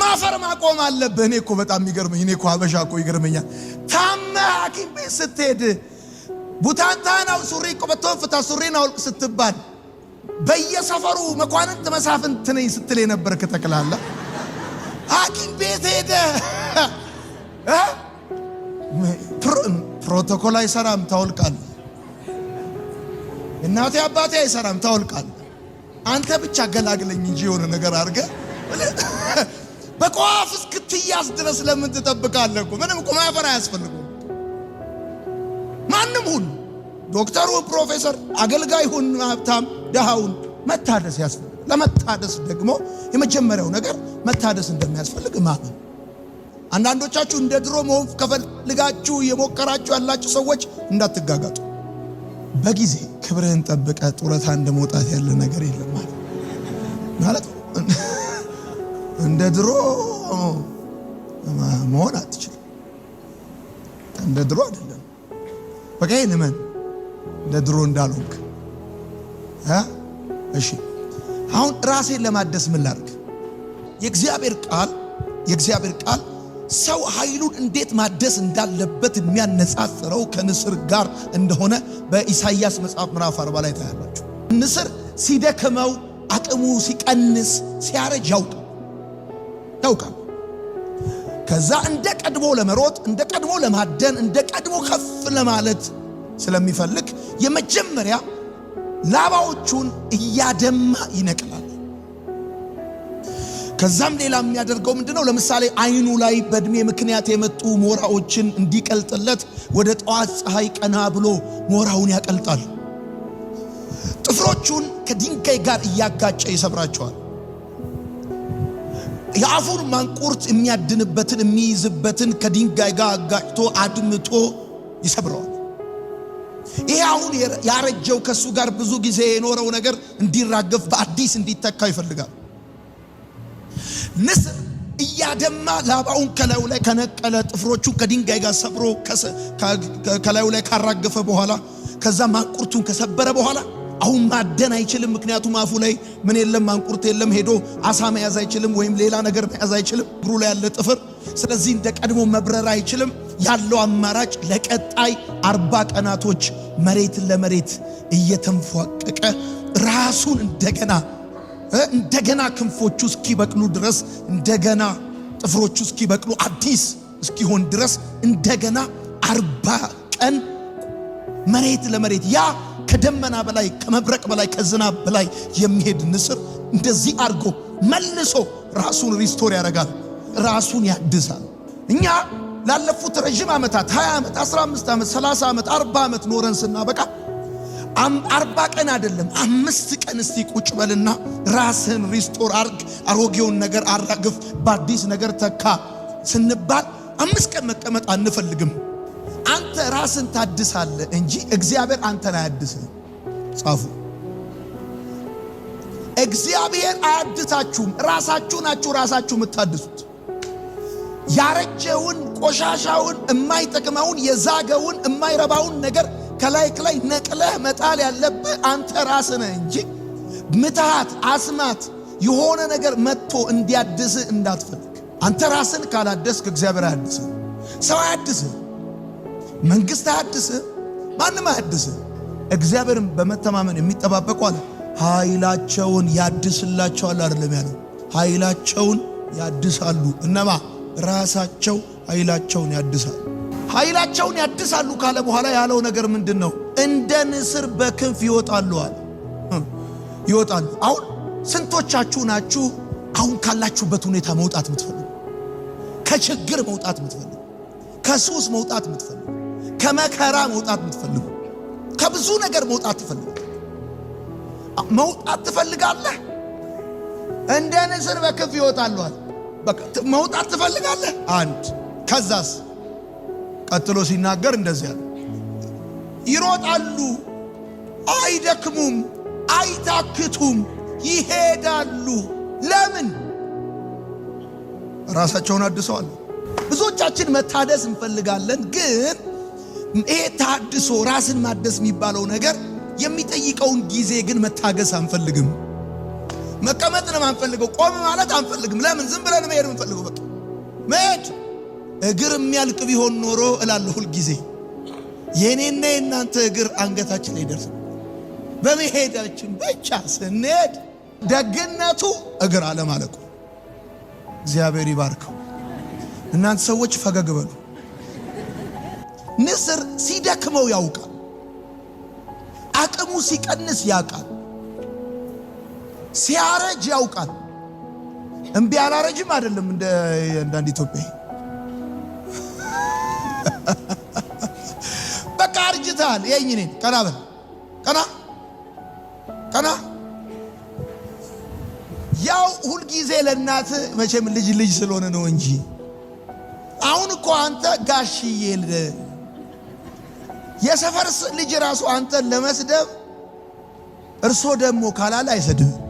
ማፈር ማቆም አለብህ። እኔ እኮ በጣም የሚገርመኝ እኔ እኮ ሀበሻ እኮ ይገርመኛል። ታመህ ሐኪም ቤት ስትሄድ ቡታንታህን አውልቅ፣ ሱሪ ቀበቶን ፍታ፣ ሱሪን አውልቅ ስትባል በየሰፈሩ መኳንንት መሳፍንት ነኝ ስትል የነበር ተክላለ ሐኪም ቤት ሄደ ፕሮቶኮል አይሰራም ታወልቃል። እናቴ አባቴ አይሰራም ታወልቃል። አንተ ብቻ ገላግለኝ እንጂ የሆነ ነገር አድርገህ በቋፍ እስክትያዝ ድረስ ለምን ትጠብቃለህ? እኮ ምንም እኮ ማፈር አያስፈልግም። ማንም ሁን ዶክተሩ፣ ፕሮፌሰር፣ አገልጋይ ሁን፣ ሀብታም ድሃውን መታደስ ያስፈልግ። ለመታደስ ደግሞ የመጀመሪያው ነገር መታደስ እንደሚያስፈልግ ማመን። አንዳንዶቻችሁ እንደ ድሮ መሆን ከፈልጋችሁ የሞከራችሁ ያላችሁ ሰዎች እንዳትጋጋጡ። በጊዜ ክብርህን ጠብቀ ጡረታ እንደመውጣት ያለ ነገር የለም ማለት ማለት እንደ ድሮ መሆን አትችልም። እንደ ድሮ አይደለም። በቃ ልመን እንደ ድሮ እንዳልሆንክ። እሺ አሁን ራሴን ለማደስ ምን ላድርግ? የእግዚአብሔር ቃል የእግዚአብሔር ቃል ሰው ኃይሉን እንዴት ማደስ እንዳለበት የሚያነጻጽረው ከንስር ጋር እንደሆነ በኢሳይያስ መጽሐፍ ምዕራፍ አርባ ላይ ታያላችሁ። ንስር ሲደክመው አቅሙ ሲቀንስ ሲያረጅ ያውቅ ያውቃል። ከዛ እንደ ቀድሞ ለመሮጥ እንደ ቀድሞ ለማደን እንደ ቀድሞ ከፍ ለማለት ስለሚፈልግ የመጀመሪያ ላባዎቹን እያደማ ይነቅላል። ከዛም ሌላ የሚያደርገው ምንድነው? ለምሳሌ አይኑ ላይ በእድሜ ምክንያት የመጡ ሞራዎችን እንዲቀልጥለት ወደ ጠዋት ፀሐይ ቀና ብሎ ሞራውን ያቀልጣል። ጥፍሮቹን ከድንጋይ ጋር እያጋጨ ይሰብራቸዋል። የአፉን ማንቁርት የሚያድንበትን የሚይዝበትን ከድንጋይ ጋር አጋጭቶ አድምጦ ይሰብረዋል። ይሄ አሁን ያረጀው ከእሱ ጋር ብዙ ጊዜ የኖረው ነገር እንዲራገፍ በአዲስ እንዲተካው ይፈልጋል። ንስር እያደማ ላባውን ከላዩ ላይ ከነቀለ ጥፍሮቹን ከድንጋይ ጋር ሰብሮ ከላዩ ላይ ካራገፈ በኋላ ከዛ ማንቁርቱን ከሰበረ በኋላ አሁን ማደን አይችልም። ምክንያቱም አፉ ላይ ምን የለም፣ ማንቁርት የለም። ሄዶ አሳ መያዝ አይችልም፣ ወይም ሌላ ነገር መያዝ አይችልም። እግሩ ላይ ያለ ጥፍር። ስለዚህ እንደ ቀድሞ መብረር አይችልም። ያለው አማራጭ ለቀጣይ አርባ ቀናቶች መሬት ለመሬት እየተንፏቀቀ ራሱን እንደገና እንደገና ክንፎቹ እስኪበቅሉ ድረስ እንደገና ጥፍሮቹ እስኪበቅሉ አዲስ እስኪሆን ድረስ እንደገና አርባ ቀን መሬት ለመሬት ያ ከደመና በላይ ከመብረቅ በላይ ከዝናብ በላይ የሚሄድ ንስር እንደዚህ አድርጎ መልሶ ራሱን ሪስቶር ያደርጋል፣ ራሱን ያድሳል። እኛ ላለፉት ረዥም ዓመታት 20 ዓመት፣ 15 ዓመት፣ 30 ዓመት፣ 40 ዓመት ኖረን ስናበቃ አርባ ቀን አይደለም አምስት ቀን እስቲ ቁጭ በልና ራስህን ሪስቶር አርግ፣ አሮጌውን ነገር አራግፍ፣ በአዲስ ነገር ተካ ስንባል አምስት ቀን መቀመጥ አንፈልግም። አንተ ራስን ታድሳለ እንጂ እግዚአብሔር አንተን አያድስ ጻፉ። እግዚአብሔር አያድሳችሁም። ራሳችሁ ናችሁ ራሳችሁ የምታድሱት። ያረጀውን፣ ቆሻሻውን፣ የማይጠቅመውን፣ የዛገውን፣ የማይረባውን ነገር ከላይ ከላይ ነቅለህ መጣል ያለብህ አንተ ራስነ እንጂ ምትሃት፣ አስማት የሆነ ነገር መጥቶ እንዲያድስህ እንዳትፈልግ። አንተ ራስን ካላደስክ እግዚአብሔር አያድስህ፣ ሰው አያድስህ። መንግስት አያድስ፣ ማንም አያድስ። እግዚአብሔርን በመተማመን የሚጠባበቁ አለ ኃይላቸውን ያድስላቸዋል አይደለም ያለው፣ ኃይላቸውን ያድሳሉ። እነማ ራሳቸው ኃይላቸውን ያድሳሉ። ኃይላቸውን ያድሳሉ ካለ በኋላ ያለው ነገር ምንድን ነው? እንደ ንስር በክንፍ ይወጣሉ አለ ይወጣሉ። አሁን ስንቶቻችሁ ናችሁ አሁን ካላችሁበት ሁኔታ መውጣት የምትፈልጉ? ከችግር መውጣት የምትፈልጉ? ከሱስ መውጣት የምትፈልጉ ከመከራ መውጣት የምትፈልጉ ከብዙ ነገር መውጣት ትፈልጉ መውጣት ትፈልጋለህ። እንደ ንስር በክንፍ ይወጣሉ። መውጣት ትፈልጋለህ። አንድ ከዛስ ቀጥሎ ሲናገር እንደዚያ ይሮጣሉ፣ አይደክሙም፣ አይታክቱም፣ ይሄዳሉ። ለምን ራሳቸውን አድሰዋል። ብዙዎቻችን መታደስ እንፈልጋለን ግን ይሄ ታድሶ ራስን ማደስ የሚባለው ነገር የሚጠይቀውን ጊዜ ግን መታገስ አንፈልግም። መቀመጥ ነው አንፈልገው። ቆም ማለት አንፈልግም። ለምን? ዝም ብለን መሄድ እንፈልገው። በቃ መሄድ እግር የሚያልቅ ቢሆን ኖሮ እላለሁ ሁልጊዜ የእኔና የእናንተ እግር አንገታችን ላይ ደርስ። በመሄዳችን ብቻ ስንሄድ ደግነቱ እግር አለማለቁ እግዚአብሔር ይባርከው። እናንተ ሰዎች ፈገግ በሉ። ንስር ሲደክመው ያውቃል። አቅሙ ሲቀንስ ያውቃል። ሲያረጅ ያውቃል። እምቢ አላረጅም አይደለም እንደ አንዳንድ ኢትዮጵያ በቃ አርጅታል። የኝኔ ቀና በል ቀና ቀና ያው ሁልጊዜ ለእናት መቼም ልጅ ልጅ ስለሆነ ነው እንጂ አሁን እኮ አንተ ጋሽዬ የሰፈር ልጅ ራሱ አንተን ለመስደብ እርሶ ደግሞ ካላል አይሰድብም።